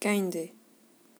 gagnent